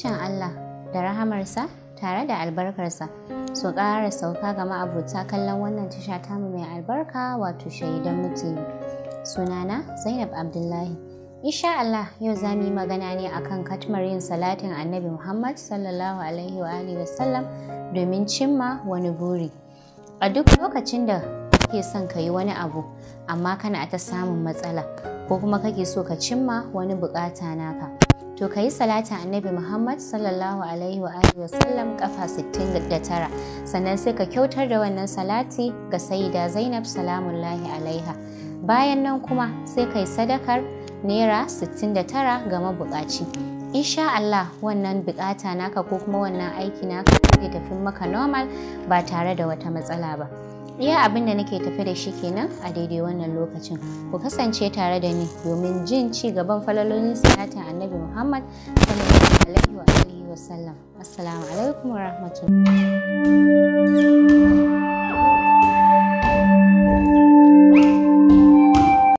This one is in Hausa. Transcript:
Amincin Allah da rahamarsa tare da albarkarsa su ƙara sauka ga ma'abota kallon wannan tasha tamu mai albarka wato shaidan mutane. Sunana Zainab Abdullahi. Insha Allah yau za mu yi magana ne akan katmar yin salatin Annabi Muhammad sallallahu alaihi wa alihi wasallam domin cimma wani buri. A duk lokacin da kake son ka yi wani abu amma kana ta samun matsala ko kuma kake so ka cimma wani bukata naka. to ka yi salatin annabi muhammad sallallahu alaihi wa alihi wasallam kafa 69 sannan sai ka kyautar da wannan salati ga sayida zainab salamullahi alaiha bayan nan kuma sai ka yi sadakar naira 69 ga mabukaci insha Allah wannan bukata naka ko kuma wannan aiki naka zai tafi maka normal ba tare da wata matsala ba iya abin da nake tafi da shi kenan a daidai wannan lokacin ku kasance tare da ni domin jin ci gaban falalolin salatin annabi muhammad sallallahu alaihi wa alihi wasallam assalamu alaikum wa rahmatullahi